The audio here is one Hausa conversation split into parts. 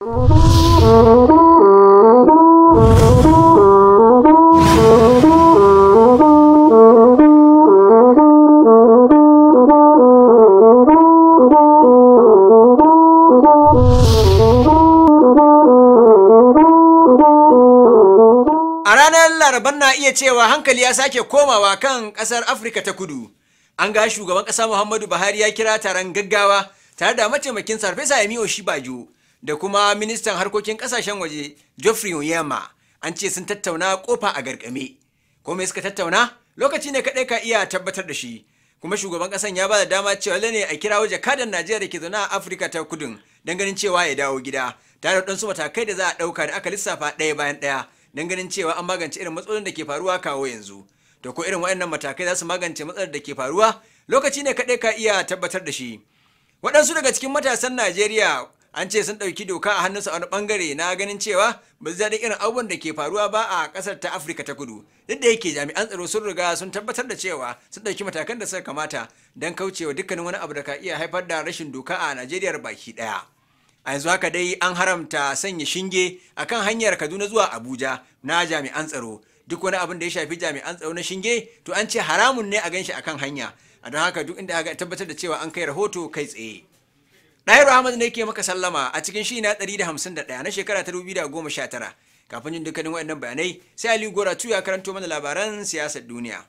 laraban na iya cewa hankali ya sake komawa kan ƙasar Afrika ta kudu an ga shugaban ƙasa muhammadu buhari ya kira taron gaggawa tare da mataimakin sarfesa yami oshi da kuma ministan harkokin kasashen waje Geoffrey Onyema an ce sun tattauna kofa a garkame komai suka tattauna lokaci ne kaɗai ka iya tabbatar da shi kuma shugaban ƙasan ya ba da dama cewa ne a kirawo jakadan Najeriya da ke zaune a Afirka ta Kudun, don ganin cewa ya dawo gida tare da su matakai da za a ɗauka da aka lissafa ɗaya bayan ɗaya don ganin cewa an magance irin matsalolin da ke faruwa kawo yanzu To ko irin waɗannan matakai za su magance matsalar da ke faruwa lokaci ne kaɗai ka iya tabbatar da shi waɗansu daga cikin matasan Najeriya an ce sun ɗauki doka a hannunsu a wani ɓangare na ganin cewa ba zai irin abubuwan da ke faruwa ba a ƙasar ta afirka ta kudu duk da yake jami'an tsaro sun riga sun tabbatar da cewa sun ɗauki matakan da suka kamata don kaucewa dukkanin wani abu da ka iya haifar da rashin doka a najeriya baki ɗaya a yanzu haka dai an haramta sanya shinge akan hanyar kaduna zuwa abuja na jami'an tsaro duk wani abin da ya shafi jami'an tsaro na shinge to an ce haramun ne a ganshi akan hanya a don haka duk inda aka tabbatar da cewa an kai rahoto kai tsaye Ɗayar Ahmad ne ke maka sallama a cikin shi na 151 na shekara ta 2019. Kafin jin dukkanin waɗannan bayanai, sai Aliyu Gora ya karanto mana labaran siyasar duniya.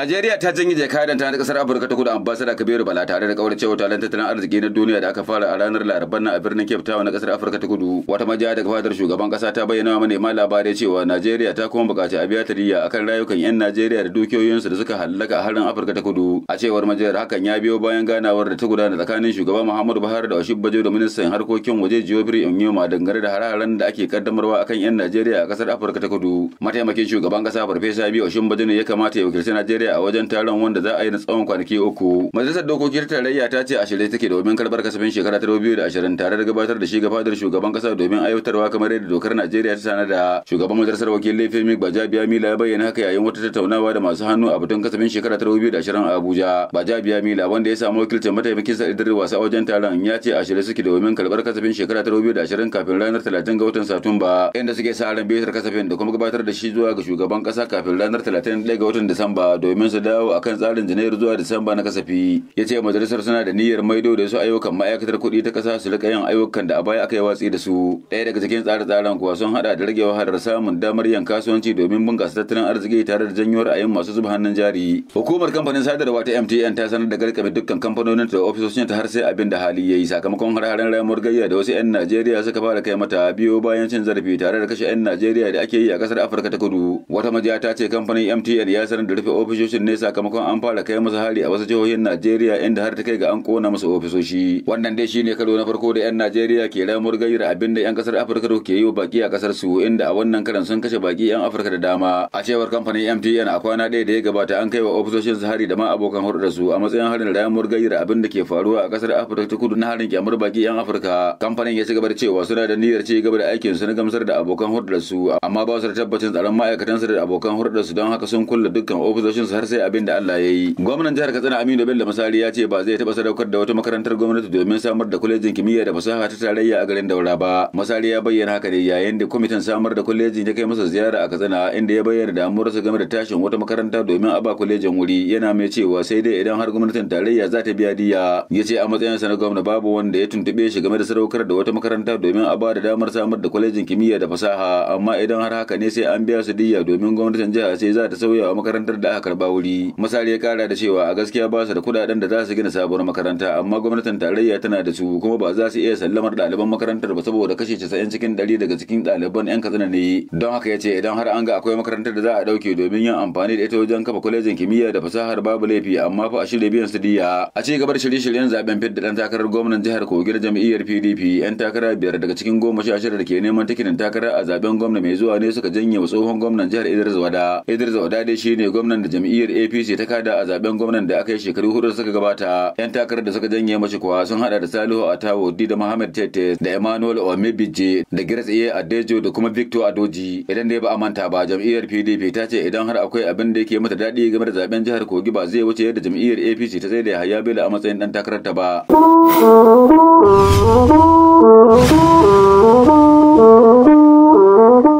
Najeriya ta janye jakadan ta na kasar Afirka ta kudu ambasada Kabiru Bala tare da kawar cewa talan tattalin arziki na duniya da aka fara a ranar Laraban nan a birnin Cape Town na kasar Afirka ta kudu. Wata majiya daga fadar shugaban kasa ta bayyana mana ma labarai cewa Najeriya ta kuma bukaci a biya tariya akan rayukan 'yan Najeriya da dukiyoyinsu da suka hallaka a harin Afirka ta kudu. A cewar majiyar hakan ya biyo bayan ganawar da ta gudana tsakanin shugaban Muhammadu Buhari da Oshib Bajo da ministan harkokin waje Jiyobiri Onyema dangane da hararen da ake kaddamarwa akan 'yan Najeriya a kasar Afirka ta kudu. Mataimakin shugaban kasa Farfesa Biyu Oshib Bajo ne ya kamata ya wakilci Najeriya a wajen taron wanda za a yi na tsawon kwanaki uku. Majalisar dokoki ta tarayya ta ce a shirye take domin karbar kasafin shekara ta biyu da ashirin tare da gabatar da shi ga fadar shugaban kasa domin aiwatarwa kamar yadda dokar Najeriya ta da Shugaban majalisar wakilai Femi Bajabiya Mila ya bayyana haka yayin wata tattaunawa da masu hannu a batun kasafin shekara ta biyu da ashirin a Abuja. Bajabiya Mila wanda ya samu wakilcin mataimakin sa Idris Wasa wajen taron ya ce a shirye suke domin karbar kasafin shekara ta biyu da ashirin kafin ranar talatin ga watan Satumba inda suke sa ran kasafin da kuma gabatar da shi zuwa ga shugaban kasa kafin ranar talatin ga watan Disamba domin domin su dawo kan tsarin janairu zuwa disamba na kasafi ya ce majalisar suna da niyyar maido da su ayyukan ma'aikatar kuɗi ta kasa su rika yin ayyukan da a baya aka yi watsi da su ɗaya daga cikin tsare-tsaren kuwa sun haɗa da rage wahalar samun damar yin kasuwanci domin bunƙasa tattalin arziki tare da janyo ra'ayin masu zuba hannun jari hukumar kamfanin sadarwa ta mtn ta sanar da garkame dukkan kamfanonin da ofisoshin ta har sai abin da hali ya yi sakamakon har-haren ramuwar gayya da wasu 'yan najeriya suka fara kai mata biyo bayan cin zarafi tare da kashe 'yan najeriya da ake yi a ƙasar afirka ta kudu wata majiya ta ce kamfanin mtn ya sanar da rufe ofisoshin ofishin ne sakamakon an fara kai masa hari a wasu jihohin Najeriya inda har ta kai ga an kona masa ofisoshi. Wannan dai shine karo na farko da 'yan Najeriya ke ramuwar gayyar abin da 'yan kasar Afirka da ke yi wa baki a kasar su inda a wannan karan sun kashe baki 'yan Afirka da dama. A cewar kamfanin MTN a kwana ɗaya da ya gabata an kai wa ofisoshin su hari da ma abokan hurɗa su a matsayin harin ramuwar gayyar abin da ke faruwa a kasar Afirka ta kudu na harin kyamar baki 'yan Afirka. Kamfanin ya ci gaba da cewa suna da niyyar ci gaba da aikin su na gamsar da abokan hurɗa su amma ba su da tabbacin tsaron su da abokan hurɗa su don haka sun kulle dukkan ofisoshin su har sai abin da Allah ya yi gwamnan jihar Katsina Aminu Bello Masari ya ce ba zai taɓa sadaukar da wata makarantar gwamnati domin samar da kwalejin kimiyya da fasaha ta tarayya a garin Daura ba Masari ya bayyana haka ne yayin da kwamitin samar da kwalejin ya kai masa ziyara a Katsina inda ya bayyana damuwarsa game da tashin wata makaranta domin a ba kwalejin wuri yana mai cewa sai dai idan har gwamnatin tarayya za ta biya diya ya ce a sa na gwamna babu wanda ya tuntube shi game da sadaukar da wata makaranta domin a ba da damar samar da kwalejin kimiyya da fasaha amma idan har haka ne sai an biya su diya domin gwamnatin jiha sai za ta sauya wa makarantar da aka wuri misali ya kara da cewa a gaskiya ba su da kudaden da za su gina sabuwar makaranta amma gwamnatin tarayya tana da su kuma ba za su iya sallamar ɗaliban makarantar ba saboda kashe casa'in cikin ɗari daga cikin ɗaliban yan katsina ne don haka ya ce idan har an ga akwai makarantar da za a ɗauke domin yin amfani da ita wajen kafa kwalejin kimiyya da fasahar babu laifi amma fa a shirya biyan su diya a ci da shirye-shiryen zaben da Ɗan takarar gwamnan jihar kogin Jami'ar jam'iyyar PDP yan takara biyar daga cikin goma sha shida da ke neman tikitin takara a zaben gwamna mai zuwa ne suka janye wa tsohon gwamnan jihar Idris Wada Idris Wada dai shine gwamnan da jam'iyyar jam'iyyar apc ta kada a zaben gwamnan da aka yi shekaru hudu da suka gabata yan takarar da suka janye mace kuwa sun hada da salihu atawo da muhammad tete da emmanuel omebije da a adejo da kuma victor adoji idan dai ba a manta ba jam'iyyar pdp ta ce idan har akwai abin da yake mata daɗi game da zaben jihar kogi ba zai wuce yadda jam'iyyar apc ta tsaye da yahaya bello a matsayin dan takarar ta ba.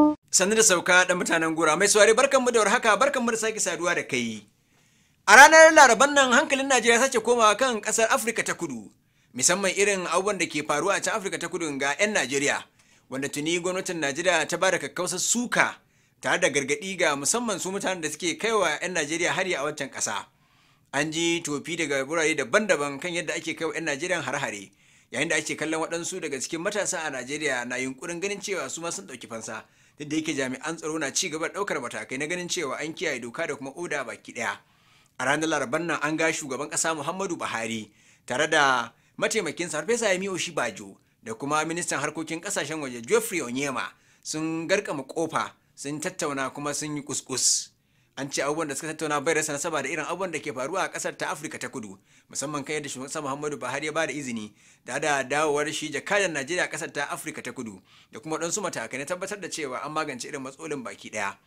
sannu da sauka da mutanen gora mai saurari barkanmu da warhaka barkanmu da sake saduwa da kai a ranar laraban nan hankalin najeriya sace komawa kan kasar afirka ta kudu musamman irin abubuwan da ke faruwa a can afirka ta kudu ga 'yan najeriya wanda tuni gwamnatin najeriya ta ba da kakkausar suka tare da gargaɗi ga musamman su mutanen da suke kaiwa 'yan najeriya hari a wancan ƙasa an ji tofi daga wurare daban-daban kan yadda ake kaiwa 'yan najeriya har-hare yayin da ake kallon waɗansu daga cikin matasa a najeriya na yunkurin ganin cewa su ma sun ɗauki fansa duk yake jami'an tsaro na ci gaba ɗaukar matakai na ganin cewa an kiyaye doka da kuma oda baki ɗaya a ranar laraban nan an ga shugaban ƙasa muhammadu buhari tare da mataimakin mataimakinsa farfesa shi bajo da kuma ministan harkokin ƙasashen waje geoffrey onyema sun garkama kofa sun tattauna kuma sun yi kuskus an ce abubuwan da suka tattauna bai rasa nasaba da irin abubuwan da ke faruwa a kasar ta afirka ta kudu musamman kan yadda shugaban muhammadu buhari ya bada izini da da dawowar shi jakadan najeriya kasar ta afirka ta kudu da kuma ɗansu matakai na tabbatar da cewa an magance irin matsalolin baki daya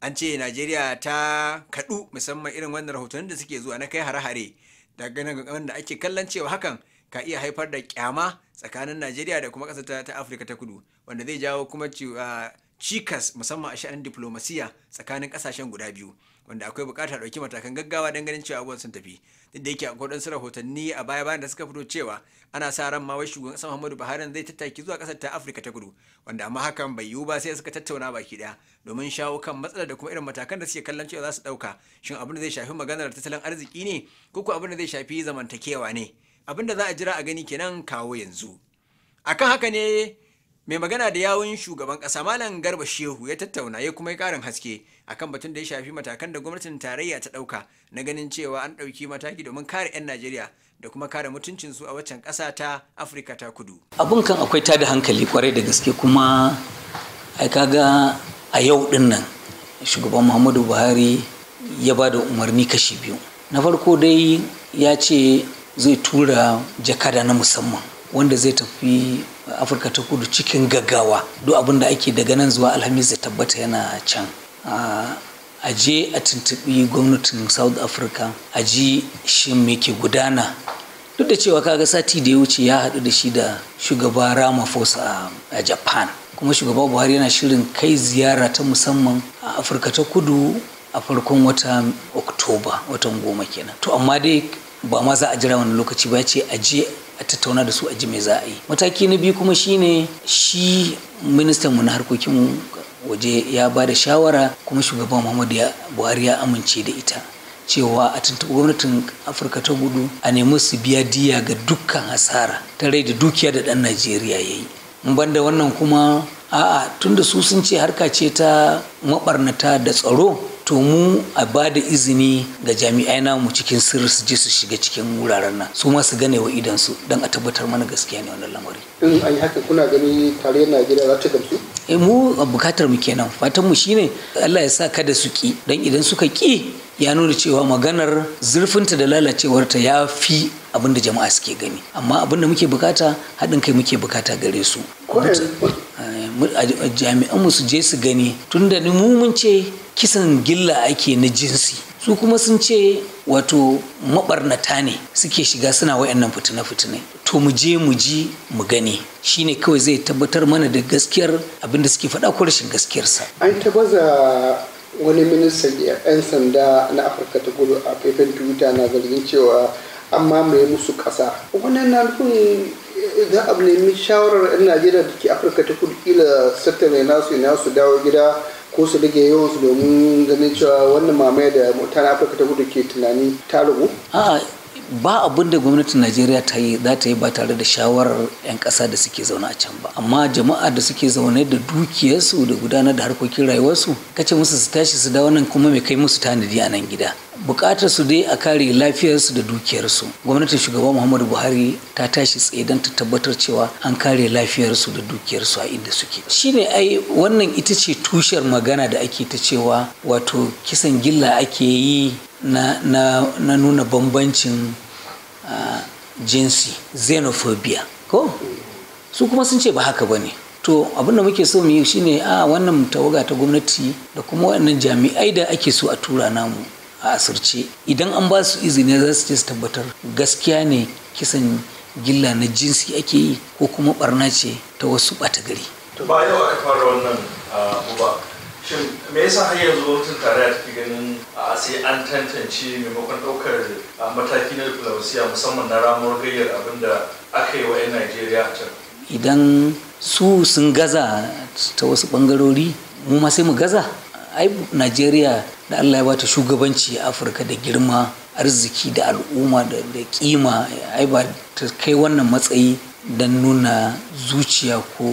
an ce najeriya ta kadu musamman irin wannan rahotannin da suke zuwa na kai hare-hare da ganin da ake kallon cewa hakan ka iya haifar da kyama tsakanin najeriya da kuma kasar ta afirka ta kudu wanda zai jawo kuma cikas musamman a sha'anin diplomasiya tsakanin kasashen guda biyu wanda akwai bukatar ɗauki matakan gaggawa don ganin cewa abubuwan sun tafi duk da yake akwai waɗansu rahotanni a baya bayan da suka fito cewa ana sa ran ma wai shugaban ƙasar Muhammadu Buhari zai tattaki zuwa ƙasar ta Afirka ta Kudu wanda amma hakan bai yiwu ba sai suka tattauna baki ɗaya domin shawo kan matsalar da kuma irin matakan da suke kallon cewa za su ɗauka shin abin da zai shafi maganar tattalin arziki ne ko ko abin da zai shafi zamantakewa ne abin da za a jira a gani kenan kawo yanzu akan haka ne mai magana da yawun shugaban kasa malam garba shehu ya tattauna ya kuma yi karin haske akan batun da ya shafi matakan da gwamnatin tarayya ta dauka na ganin cewa an dauki mataki domin kare 'yan najeriya da kuma kare mutuncin su a waccan kasa ta afirka ta kudu abun kan akwai ta da hankali kwarai da gaske kuma ai kaga a yau din nan shugaban muhammadu buhari ya ba da umarni kashi biyu na farko dai ya ce zai tura jakada na musamman wanda zai tafi afirka ta kudu cikin gaggawa duk abin da ake daga nan zuwa alhamis ya tabbata yana can a je a tuntuɓi gwamnatin south africa a ji shi me gudana duk da cewa kaga sati da ya wuce ya haɗu da shi da shugaba ramaphosa a japan kuma shugaba buhari yana shirin kai ziyara ta musamman a afirka ta kudu a farkon watan oktoba watan goma kenan to amma dai ba ma za a jira wani lokaci ba ya ce a je a tattauna da su a ji mai za a yi mataki na biyu kuma shine shi ministan mu na harkokin waje ya ba da shawara kuma shugaban muhammadu buhari ya amince da ita cewa a tuntuɓi gwamnatin afirka ta gudu a nemi su biya diya ga dukkan hasara ta rai da dukiya da ɗan najeriya ya yi ban da wannan kuma a'a tunda su sun ce harka ce ta mabarnata da tsaro to mu a ba da izini ga jami'ai namu cikin sirri su je su shiga cikin wuraren nan su ma su gane wa idan su don a tabbatar mana gaskiya ne wannan lamari in an haka kuna gani tare na najeriya za ta gamsu eh mu a bukatar mu kenan fatan mu shine Allah ya sa kada su ki dan idan suka ki ya nuna cewa maganar zurfinta da lalacewarta ya fi abin da jama'a suke gani amma abin da muke bukata haɗin kai muke bukata gare su eh, jami'an mu su je su gani tunda ni mu mun ce kisan gilla ake na jinsi su kuma sun ce wato mabarnata ne suke shiga suna wayannan fitine-fitine to mu je mu ji mu gani shine kawai zai tabbatar mana da gaskiyar abin da suke faɗa ko rashin gaskiyarsa an tabbaza wani ministan 'yan sanda na afirka ta kudu a faifin twitter na zargin cewa an mamaye musu ƙasa wannan na nufin eh, za a nemi shawarar 'yan najeriya da ke afirka ta kudu kila sattare nasu ina su dawo gida ko su rage yawansu domin ganin cewa wannan mamaye da mutane afirka ta gudu ke tunani ta rubu? ba abin da gwamnatin najeriya ta yi za ta yi ba tare da shawarar 'yan ƙasa da suke zaune a can ba amma jama'a da suke zaune da dukiyarsu da gudanar da harkokin rayuwarsu kace musu su tashi su dawo nan kuma mai kai musu tanadi a nan gida bukatar su dai a kare lafiyarsu da dukiyarsu gwamnatin shugaba muhammadu buhari ta tashi tsaye don ta tabbatar cewa an kare lafiyarsu da dukiyarsu a inda suke shine ai wannan ita ce tushen magana da ake ta cewa wato kisan gilla ake yi na, na, na nuna bambancin uh, jinsi xenophobia ko su kuma sun ce ba haka ba ne to abinda muke so mu yi shine a wannan tawaga ta gwamnati da kuma wannan jami'ai da ake so a tura namu a asirce idan an ba su izini za su je su tabbatar gaskiya ne kisan gilla na jinsi ake yi ko kuma barna ce ta wasu ɓata gari. ba yau fara wannan shin me yasa har yanzu tare a take ganin sai an tantance maimakon ɗaukar mataki na diplomasiya musamman na ramuwar gayyar abin da aka yi wa 'yan najeriya a can idan su sun gaza ta wasu bangarori mu ma sai mu gaza ai najeriya da allah ya bata shugabanci a afirka da girma arziki da al'umma da kima ai ba ta kai wannan matsayi don nuna zuciya ko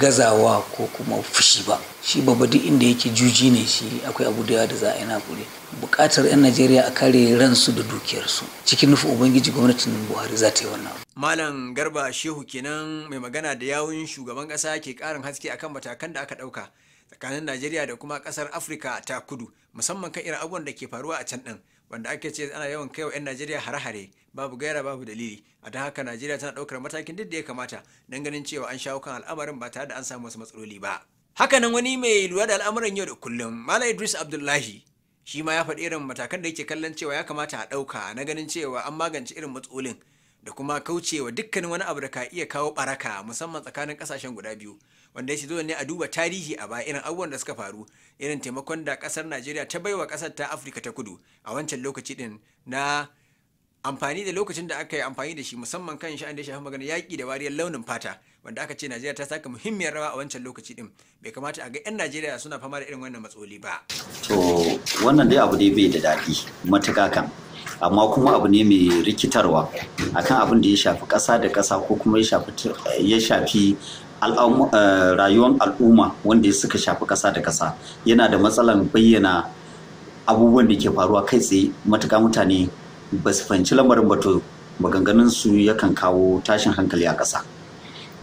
gazawa ko kuma fushi ba shi babba duk inda yake juji ne shi akwai abu da yawa da za a yi nakure bukatar 'yan najeriya a kare ransu da dukiyarsu cikin nufin ubangiji gwamnatin buhari za ta yi wannan malam garba shehu kenan mai magana da yawun shugaban ƙasa ke karin haske akan matakan da aka ɗauka tsakanin najeriya da kuma ƙasar afirka ta kudu musamman kan irin abubuwan da ke faruwa a can din wanda ake ce ana yawan kaiwa 'yan najeriya hare-hare babu gaira babu dalili a don haka najeriya tana daukar matakin duk da ya kamata don ganin cewa an shawo kan al'amarin ba tare da an samu wasu matsaloli ba hakanan wani mai lura da al'amuran yau da kullum malam idris abdullahi shi ma ya faɗi irin matakan da yake kallon cewa ya kamata a ɗauka na ganin cewa an magance irin matsalolin da kuma kaucewa dukkanin wani abu da ka iya kawo baraka musamman tsakanin ƙasashen guda biyu wanda ya dole ne a duba tarihi a baya irin abubuwan da suka faru irin taimakon da kasar najeriya ta baiwa kasar ta afirka ta kudu a wancan lokaci din na amfani da lokacin da aka yi amfani da shi musamman kan sha'an da ya shafi magana yaƙi da wariyar launin fata wanda aka ce Najeriya ta saka muhimmiyar rawa a wancan lokaci din bai kamata a ga 'yan Najeriya suna fama da irin wannan matsaloli ba. To wannan dai abu dai bai da daɗi matuƙa kan amma kuma abu ne mai rikitarwa akan abin da ya shafi ƙasa da ƙasa ko kuma ya shafi eh, rayuwar al'umma wanda suka shafi ƙasa da ƙasa yana da matsalan bayyana abubuwan da ke faruwa kai tsaye matuƙa mutane ba su fahimci lamarin ba to maganganun su yakan kawo tashin hankali a ƙasa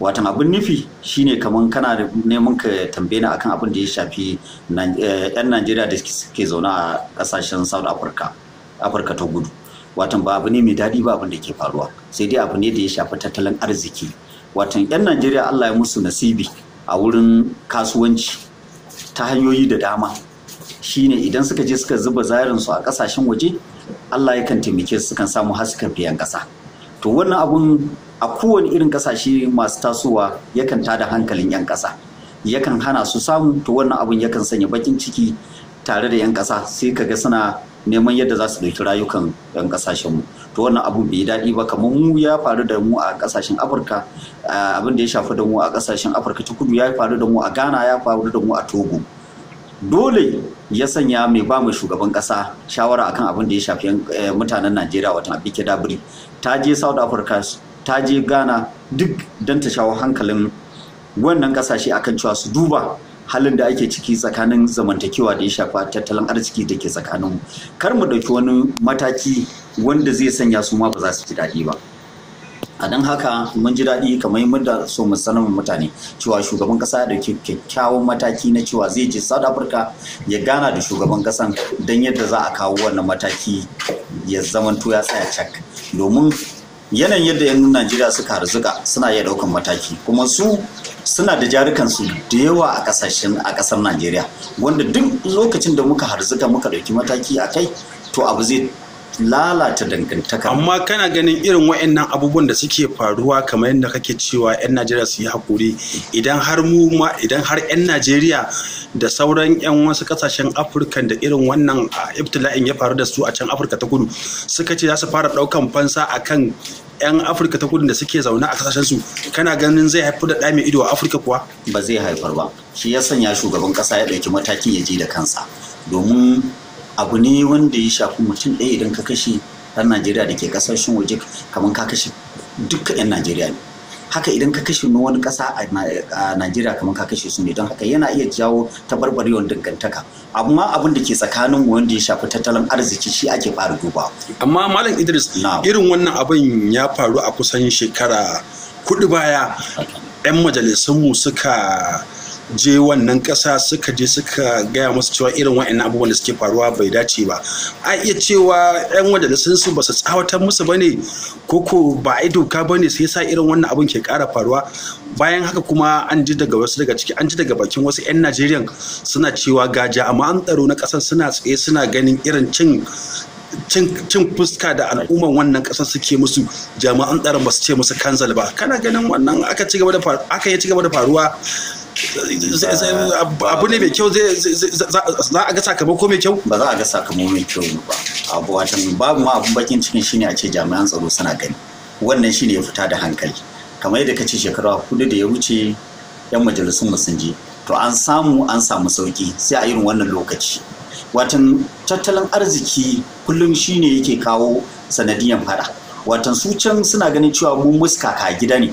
watan abin nufi shine kamar kana neman ka tambaye ni akan abin da ya shafi yan eh, najeriya da suke zaune a ƙasashen south africa afirka ta gudu watan ba abu ne mai daɗi ba abin da ke faruwa sai dai abu ne da ya shafi tattalin arziki watan yan najeriya allah ya musu nasibi a wurin kasuwanci ta hanyoyi da dama shine idan suka je suka zuba su a ƙasashen waje Allah yakan taimake su kan samu haskan biyan ƙasa to wannan abun a kowane irin ƙasashe masu tasowa yakan tada hankalin 'yan ƙasa yakan hana su samu to wannan abun yakan sanya bakin ciki tare da 'yan ƙasa sai ka ga suna neman yadda za su ɗauki rayukan 'yan ƙasashenmu to wannan abun bai daɗi ba kamar mu ya faru da mu a ƙasashen afirka eh, abin da ya shafi da mu a ƙasashen afirka ta kudu ya faru da mu a ghana ya faru da mu a togo dole ya sanya mai ba mai shugaban kasa shawara akan abin da ya shafi eh, mutanen Najeriya watan Abike Dabiri ta je South Africa ta je Ghana duk don ta shawo hankalin wannan kasashe akan cewa su duba halin da ake ciki tsakanin zamantakewa da ya shafa tattalin arziki da ke tsakaninmu kar mu ɗauki wani mataki wanda zai sanya su ma ba za su ji daɗi ba. a don haka mun ji daɗi kamar muda so mu sanar mutane cewa shugaban ƙasa ya dauki kyakkyawan mataki na cewa zai je south africa ya gana da shugaban kasan don yadda za a kawo wannan mataki ya to ya tsaya cak domin yanayin yadda yan najeriya suka harzuka suna iya daukan mataki kuma su suna da su da yawa a kasashen a kasar najeriya wanda duk lokacin da muka harzuka muka ɗauki mataki a kai to abu zai lalata dangantaka amma kana ganin irin waɗannan abubuwan da suke faruwa kamar yadda kake cewa 'yan najeriya su yi hakuri idan har mu ma idan har 'yan najeriya da sauran 'yan wasu kasashen afirka da irin wannan ah, ibtila'in ya faru da su a can afirka ta kudu suka ce za su fara ɗaukan fansa a kan 'yan afirka ta kudu da suke zaune a kasashen su kana ganin zai haifar da ɗa mai ido a afirka kuwa ba zai haifar ba shi ya sanya shugaban ƙasa ya ɗauki matakin ya je da kansa domin abu ne wanda ya shafi mutum ɗaya idan ka kashe ɗan najeriya da ke ƙasashen waje kamar ka kashe duka 'yan najeriya ne haka idan ka kashe na wani ƙasa a najeriya kamar ka kashe su ne don haka yana iya jawo tabarbarewar dangantaka amma abin da ke tsakanin wanda ya shafi tattalin arziki shi ake fara duba amma malam idris irin wannan abin ya faru a kusan shekara kuɗi baya 'yan majalisunmu suka je wannan kasa suka je suka gaya musu cewa irin wa'annan abubuwan da suke faruwa bai dace ba a iya cewa 'yan sun su ba su tsawatar musu ba ne ko ba a doka ba ne sai sa irin wannan abin ke ƙara faruwa bayan haka kuma an ji daga wasu daga ciki an ji daga bakin wasu 'yan najeriya suna cewa gaja amma an tsaro na ƙasar suna tsaye suna ganin irin cin cin fuska da al'umman wannan kasar suke musu jami'an tsaron ba su ce musu kanzal ba kana ganin wannan aka gaba da yi ci da faruwa abu ne mai kyau za a ga sakamako mai kyau ba za a ga sakamako mai kyau ba abu watan babu ma abun bakin cikin shine a ce jami'an tsaro suna gani wannan shine ya fita da hankali kamar yadda kace shekara hudu da ya wuce yan majalisun mu sun je to an samu an samu sauki sai a irin wannan lokaci watan tattalin arziki kullum shine yake kawo sanadiyan fada watan su can suna ganin cewa mu muskaka gida ne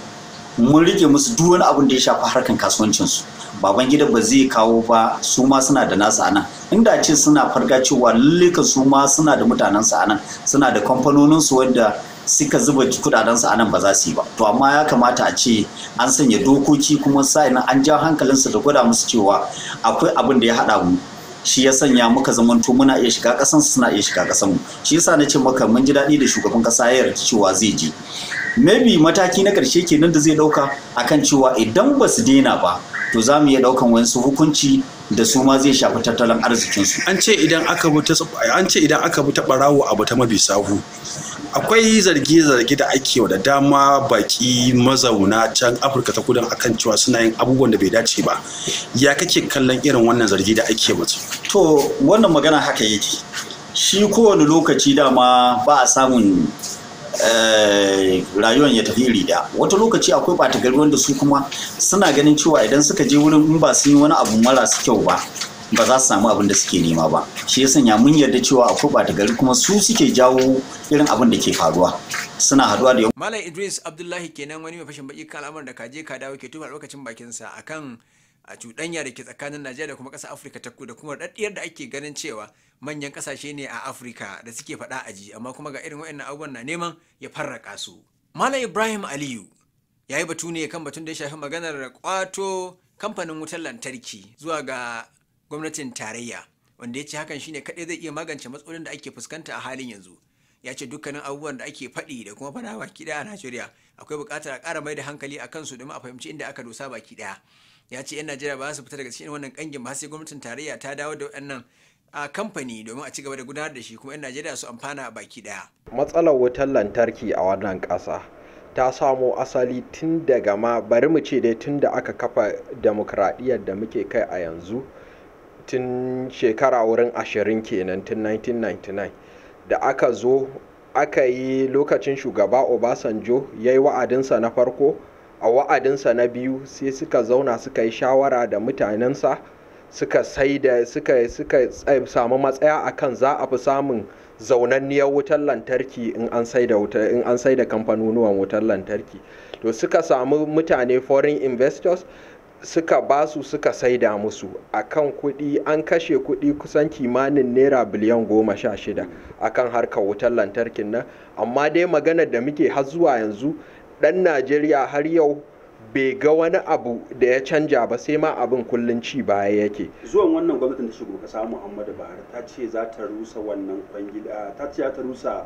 mun rike musu duk wani abin da ya shafi harkan kasuwancinsu baban gida ba zai kawo ba su ma suna da nasu anan inda ce suna farga cewa lallika su ma suna da mutanensu anan suna da kamfanoninsu wanda suka zuba kudadensu anan ba za su yi ba to amma ya kamata a ce an sanya dokoki kuma sa'in an ja hankalinsu da gwada musu cewa akwai abin da ya hada mu shi ya sanya muka zamanto muna iya shiga kasan suna iya shiga kasan mu shi yasa na ce maka mun ji daɗi da shugaban kasa ya yarda cewa zai je maybe mataki na ƙarshe kenan da zai ɗauka akan cewa idan ba su daina ba to za mu iya ɗaukan wasu hukunci da su ma zai shafi tattalin arzikinsu. An ce idan aka bi ta an ce idan aka barawo abu ta mabi sahu. Akwai zargi-zargi da ake da dama baki mazauna can Afirka ta kudan akan cewa suna yin abubuwan da bai dace ba. Ya kake kallon irin wannan zargi da ake mutu? To wannan magana haka yake. Shi kowane lokaci dama ba a samun Eh, rayuwar ya tafi iri da wata lokaci akwai bata gari wanda su kuma suna ganin cewa idan suka je wurin in ba sun yi wani abu mara su kyau ba ba za su samu abin da suke nema ba shi ya sanya mun yarda cewa akwai bata gari kuma su suke jawo irin abin da ke faruwa suna haduwa da yau malam idris abdullahi kenan wani mai fashin baki kan al'amuran da kaje ka dawo ke tuba lokacin sa akan a cuɗanya da ke tsakanin najeriya da kuma ƙasar afirka ta kudu da kuma daɗiyar da ake ganin cewa manyan ƙasashe ne a afirka da suke faɗa a ji amma kuma ga irin waɗannan abubuwan na neman ya farraka su malam ibrahim aliyu ya yi batu ne kan batun da ya shafi maganar kwato kamfanin wutar lantarki zuwa ga gwamnatin tarayya wanda ya ce hakan shine kaɗai zai iya magance matsalolin da ake fuskanta a halin yanzu ya ce dukkanin abubuwan da ake faɗi da kuma faɗa baki ɗaya a najeriya akwai buƙatar a ƙara mai da hankali a kansu domin a fahimci inda aka dosa baki ɗaya ya ce 'yan najeriya ba za su fita daga cikin wannan kangin ba sai gwamnatin tarayya ta dawo da waɗannan a kamfani domin a ci gaba da gudanar da shi kuma 'yan najeriya su amfana a baki daya matsalar wutar lantarki a wannan kasa ta samo asali tun daga ma bari mu ce dai tun da aka kafa demokradiyyar da muke kai a yanzu tun shekara wurin ashirin kenan tun 1999 da aka zo aka yi lokacin shugaba obasanjo ya yi wa'adinsa na farko a wa'adinsa na biyu sai suka zauna suka yi shawara da mutanensa suka sai da suka samu matsaya akan za a fi samun zaunanniyar wutar lantarki in an sai da kamfanonuwan wutar lantarki to suka samu mutane foreign investors suka ba su suka sai da musu a kan kudi an kashe kudi kusan kimanin naira biliyan goma sha shida akan harkar wutar lantarkin nan amma dai maganar da muke har zuwa yanzu ɗan najeriya har yau bai ga wani abu da ya canja ba sai ma abin kullun ci baya yake zuwan wannan gwamnatin da shugaban kasa muhammadu buhari ta ce za ta rusa wannan kwangila ta ce za ta rusa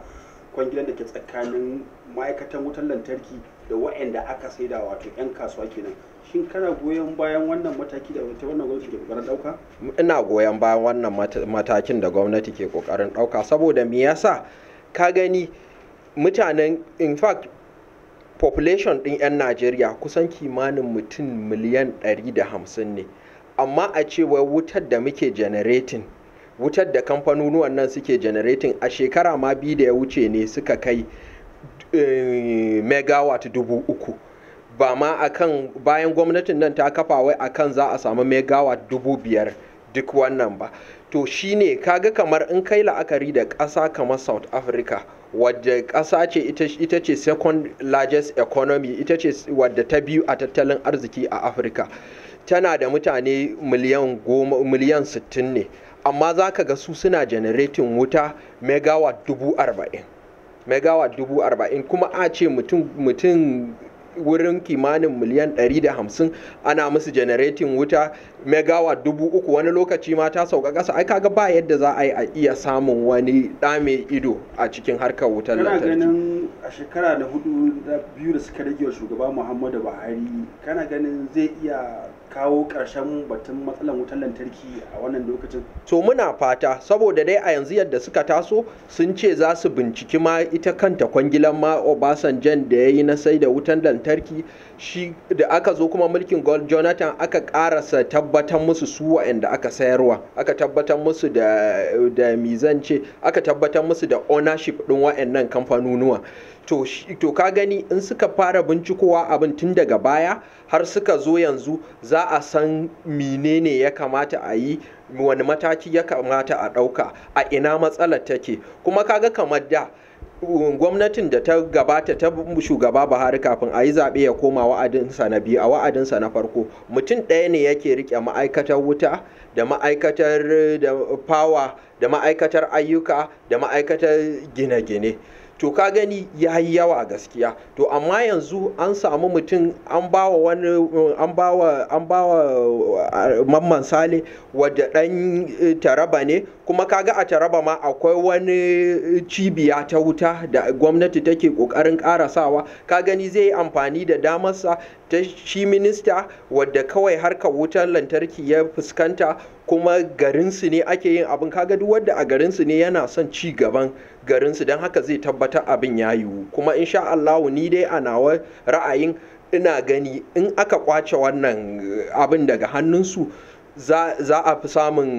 kwangilan da ke tsakanin ma'aikatan wutar lantarki da wa'anda aka saida wato 'yan kasuwa kenan shin kana goyon bayan wannan mataki da wata wannan gwamnati ke kokarin dauka ina goyon bayan wannan matakin da gwamnati ke kokarin dauka saboda me yasa ka gani mutanen in fact population ɗin 'yan najeriya kusan kimanin mutum miliyan da hamsin ne amma a cewar wutar da muke generating wutar da kamfanonuwan nan suke generating a shekara ma biyu da ya wuce ne suka kai eh, megawatt dubu uku ba ma akan bayan gwamnatin nan ta kafa wai akan za a samu megawatt dubu biyar duk wannan ba to shi ne kaga kamar in kai la'akari da ƙasa kamar south africa wadda ƙasa ce ita ce second largest economy ita ce wadda ta biyu a tattalin arziki a africa tana da mutane miliyan 60 ne amma za ka ga su suna generating wuta megawatt dubu kuma a ce mutum wurin kimanin miliyan 150 ana musu janaretin wuta megawatt dubu uku wani lokaci ma ta sauka kasa ai kaga ba yadda za a yi a iya samun wani mai ido a cikin harkar wutar lantarki kana ganin a shekara da hudu da biyu da suka rage wa shugaba muhammadu buhari kana ganin zai iya kawo ƙarshen batun matsalar wutar lantarki a wannan lokacin to muna fata saboda dai a yanzu yadda suka taso sun ce za su binciki ma ita kanta kwangilan ma obasanjan da ya yi na sai da wutar lantarki shi da aka zo kuma mulkin gold jonathan aka karasa tabbatar musu su wa'anda aka sayarwa aka tabbatar musu da da mizance aka tabbatar musu da ownership din wa'annan kamfanonuwa to ka gani in suka fara bincikowa abin tun daga baya har suka zo yanzu za a san menene ya kamata a yi wani mataki ya kamata a ɗauka a ina matsalar take kuma kaga kamar da um, gwamnatin da ta gabata ta shugaba buhari kafin a yi zaɓe ya koma wa'adinsa na biyu a wa'adinsa na farko mutum ɗaya ne yake riƙe ma'aikatar wuta da ma'aikatar da fawa da ma'aikatar ayyuka da ma'aikatar gine-gine to ka gani ya yi yawa gaskiya to amma yanzu an samu mutum an bawa wani an bawa an bawa eh, mamman sale wadda ɗan eh, taraba ne kuma kaga a taraba ma akwai wani eh, cibiya ta wuta da gwamnati take kokarin karasawa ka gani zai yi amfani da damarsa ta shi minista wadda kawai harkar wutar lantarki ya fuskanta kuma garinsu ne ake yin abin kaga duk wanda a garinsu ne yana son ci gaban garinsu don haka zai tabbatar abin ya yiwu kuma insha Allahu ni dai a nawa ra'ayin ina gani in aka kwace wannan eh, abin daga hannunsu za a fi samun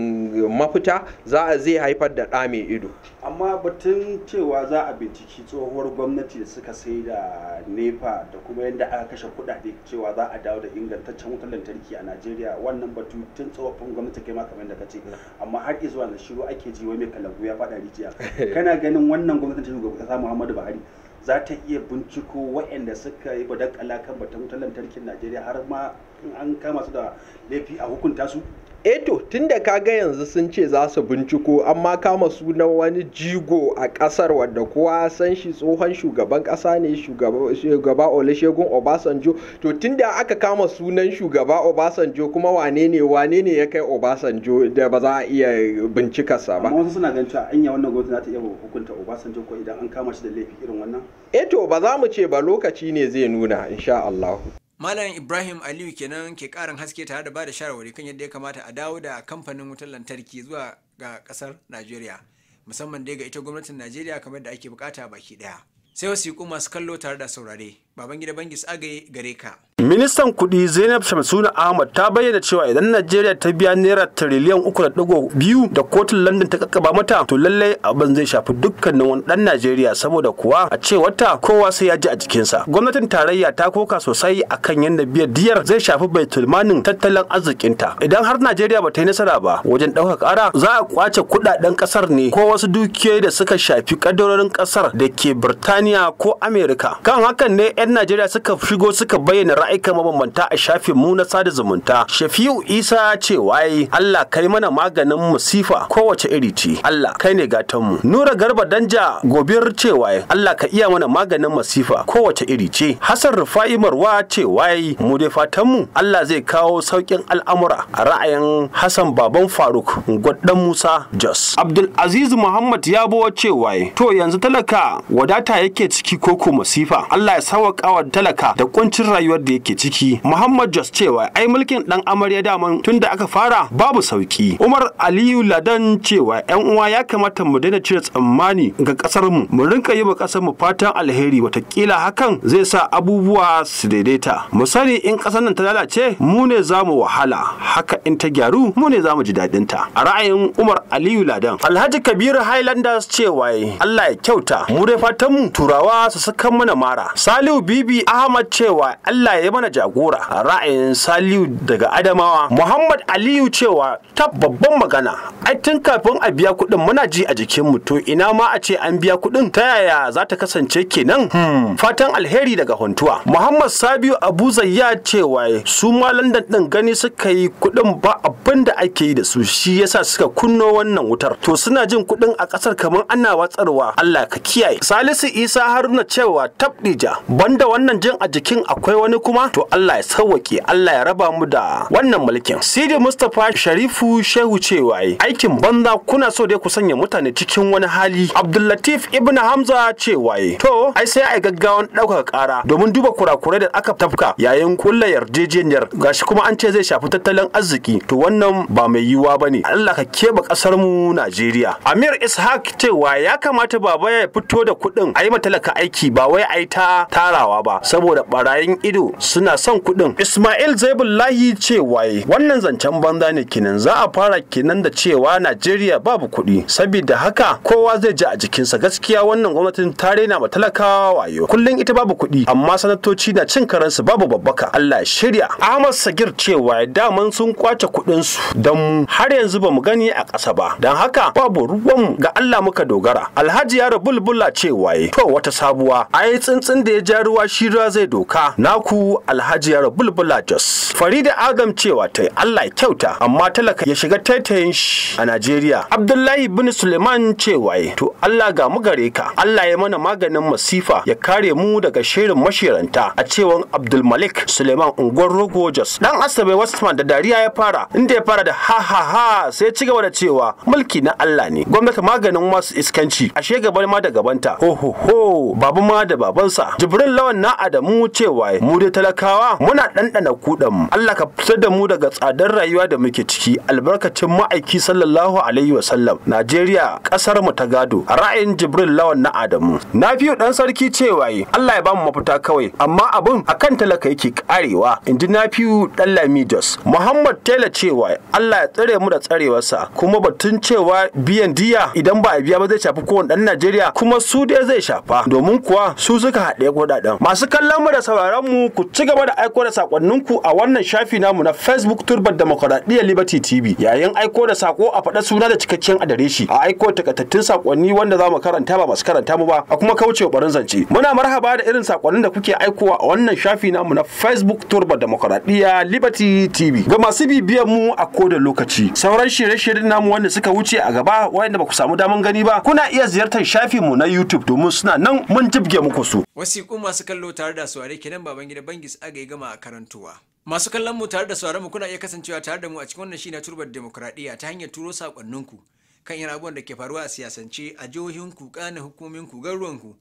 mafita za a zai haifar da ɗa mai ido amma batun cewa za a binciki tsohuwar gwamnati da suka sai da nefa da kuma yadda aka kashe kudade cewa za a dawo da ingantaccen wutar lantarki a najeriya wannan batu tun tsofaffin gwamnati kai maka kamar da kace amma har zuwa na shiru ake ji wai mai kalabu ya faɗa rijiya kana ganin wannan gwamnatin ta shugaba ta muhammadu buhari za ta iya binciko waɗanda suka yi badakala kan batun wutar lantarkin najeriya har ma an kama su da laifi a hukunta su eto eh tun da kaga yanzu sun ce za su binciko amma kama sunan wani jigo a kasar wadda kowa san shi tsohon shugaban kasa ne shugaba olusegun obasanjo to tun da aka kama sunan shugaba obasanjo kuma wane ne wane ne ya kai obasanjo da ba za a iya bincika sa ba wasu suna ganin cewa yi wannan gwamnati za ta iya hukunta obasanjo ko idan an kama shi da laifi irin wannan eto eh ba za mu ce ba lokaci ne zai nuna insha Allah Malam Ibrahim Aliyu kenan ke karin haske tare da bada shawarwari kan yadda ya kamata a dawo da kamfanin wutar lantarki zuwa ga kasar Najeriya musamman dai ga ita gwamnatin Najeriya kamar da ake bukata baki daya. Sai wasu masu kallo tare da saurare. Babangida Bangis Agaye gare ka. Ministan kuɗi Zainab Shamsuna Ahmad ta bayyana cewa idan Najeriya ta biya naira tiriliyan uku da ɗigo biyu da kotun London ta kakkaba mata to lallai abin zai shafi dukkanin wani ɗan Najeriya saboda kuwa a ce wata kowa sai ya ji a jikinsa. Gwamnatin tarayya ta koka sosai a kan yadda biyar diyar zai shafi bai baitulmanin tattalin arzikinta. Idan har Najeriya ba ta yi nasara ba wajen ɗaukar ƙara za a kwace kuɗaɗen ƙasar ne ko wasu dukiyoyi da suka shafi ƙadarorin ƙasar da ke Birtaniya ko Amerika. Kan hakan ne 'yan Najeriya suka shigo suka bayyana ra'ayika mabambanta a shafin mu na sada zumunta. Shafi'u Isa ce waye Allah kai mana maganin masifa kowace iri ce. Allah kai ne gatanmu. Nura Garba Danja Gobir ce waye Allah ka iya mana maganin masifa kowace iri ce. Hassan Rufa'i Marwa ce waye mu dai fatan mu Allah zai kawo sauƙin al'amura a ra'ayin Hassan Baban Faruk Gwaddan Musa Jos. Abdul Aziz Muhammad Yabo ce waye to yanzu talaka wadata yake ciki koko masifa. Allah ya sawa taimakawa talaka da kuncin rayuwar da yake ciki muhammad jos cewa ai mulkin dan amarya daman tun da aka fara babu sauki umar aliyu ladan cewa yan uwa ya kamata mu daina cire tsammani ga kasar mu mu rinka yi wa kasar mu fatan alheri watakila hakan zai sa abubuwa su daidaita mu sani in kasar nan ta lalace mu ne za mu wahala haka in ta gyaru mu ne za mu ji daɗin ta a ra'ayin umar aliyu ladan alhaji kabiru highlanders cewa Allah ya kyauta mu dai fatan mu turawa su saka mana mara salihu Bibi Ahmad cewa Allah ya mana jagora ra'ayin Saliu daga Adamawa Muhammad Aliyu cewa ta babban magana ai tun kafin a biya kuɗin muna ji a jikin mu to ina ma a ce an biya kuɗin ta yaya za ta kasance kenan hmm. fatan alheri daga Huntuwa Muhammad Sabiu Abu Zayya cewa su ma London din gani suka yi kuɗin ba abin ake yi da su shi yasa suka kunno wannan wutar to suna jin kuɗin a ƙasar kamar ana watsarwa Allah ka kiyaye Salisu Isa Haruna cewa tabdija ban banda wannan jin a jikin akwai wani kuma to Allah ya sauwake Allah ya raba mu da wannan mulkin Sidi Mustapha Sharifu Shehu cewa aikin banza kuna so dai ku sanya mutane cikin wani hali Abdullatif Ibn Hamza cewa to ai sai ai gaggawan ɗaukaka ƙara domin duba kurakurai da aka tafka yayin kulla yarjejeniyar gashi kuma an ce zai shafi tattalin arziki to wannan ba mai yiwuwa ne. Allah ka keɓe ƙasar mu Najeriya Amir Ishaq cewa ya kamata baba ya fito da kuɗin a yi matalaka aiki ba wai a yi ta tara hanawa ba saboda barayin ido suna son kuɗin ismail zaibullahi waye wannan zancen banza ne kinan za a fara kinan da cewa najeriya babu kuɗi saboda haka kowa zai ji a jikinsa gaskiya wannan gwamnatin ta na ma talakawa wayo kullum ita babu kuɗi amma sanatoci na cin karansu babu babbaka allah ya shirya ahmad sagir cewa daman sun kwace kuɗinsu don mu har yanzu ba mu gani a ƙasa ba don haka babu ruwanmu ga allah muka dogara alhaji yaro bulbula waye. to wata sabuwa a yi tsintsin da ya ja ruwa shi ruwa zai doka naku alhaji yaro bulbula jos farida adam cewa ta allah kyauta amma talaka ya shiga taitayin shi a najeriya abdullahi bin suleiman cewa to allah ga mu gare ka allah ya mana maganin masifa ya kare mu daga shirin mashiranta a cewan abdulmalik suleiman unguwar rogo jos dan asabe westman da dariya ya fara inda ya fara da ha ha ha sai ci gaba da cewa mulki na allah ne gwamnati maganin masu iskanci ashe gaban ma da gabanta ho ho ho babu ma da babansa jibril lawan na Adamu cewa mu da talakawa muna ɗanɗana kuɗan mu Allah ka fitar da mu daga tsadar rayuwa da muke ciki albarkacin ma'aiki sallallahu alaihi wa sallam Najeriya ƙasar mu ta gado a ra'ayin Jibril lawan na Adamu na fiye dan sarki cewa Allah ya ba mu mafita kawai amma abun akan talaka yake karewa inji na fiye dan Jos. Muhammad Taylor cewa Allah ya tsare mu da tsarewarsa kuma batun cewa biyan diya idan ba a biya ba zai shafi kowane ɗan Najeriya kuma su dai zai shafa domin kuwa su suka haɗe kuɗaɗen masu kallon mu da sauraron mu ku ci gaba da aiko da sakonninku a wannan shafi namu na facebook turbar demokradiyya liberty tv yayin aiko da sako a faɗa suna da cikakken adireshi a aiko takatattun sakonni wanda za mu karanta ba masu karanta mu ba a kuma kaucewa barin zance muna marhaba da irin sakonnin da kuke aikowa a wannan shafi namu na facebook turbar demokradiyya liberty tv ga masu bibiyan mu a da lokaci sauran shirye-shiryen namu wanda suka wuce a gaba wayanda ba ku samu daman gani ba kuna iya ziyartar mu na youtube domin suna nan mun jibge muku su wasiƙu masu kallo tare da saurare kenan baban gida bangis aga ya gama karantuwa masu kallon mu tare da sauraron mu kuna iya kasancewa tare da mu a cikin wannan shi na turbar demokradiyya ta hanyar turo sakonninku kan yin abubuwan da ke faruwa a siyasance a jihohinku kana hukuminku garuwanku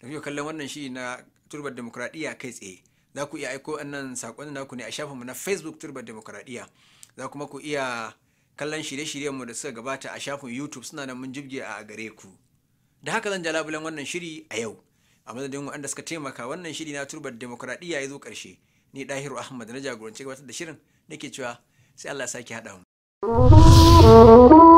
da kuke kallon wannan shi na turbar demokradiyya kai tsaye za ku iya aiko wannan saƙonnin naku ne a shafinmu na facebook turbar demokradiyya za kuma ku iya kallon shirye shiryen mu da suka gabata a shafin youtube suna nan mun jibge a gare ku da haka zan ja labulen wannan shiri a yau a madadin waɗanda suka taimaka wannan shiri na turbar demokuraɗiyya ya zo ƙarshe ni ɗahiru ahmad na jagoranci gabatar da shirin nake cewa sai allah sake haɗa mu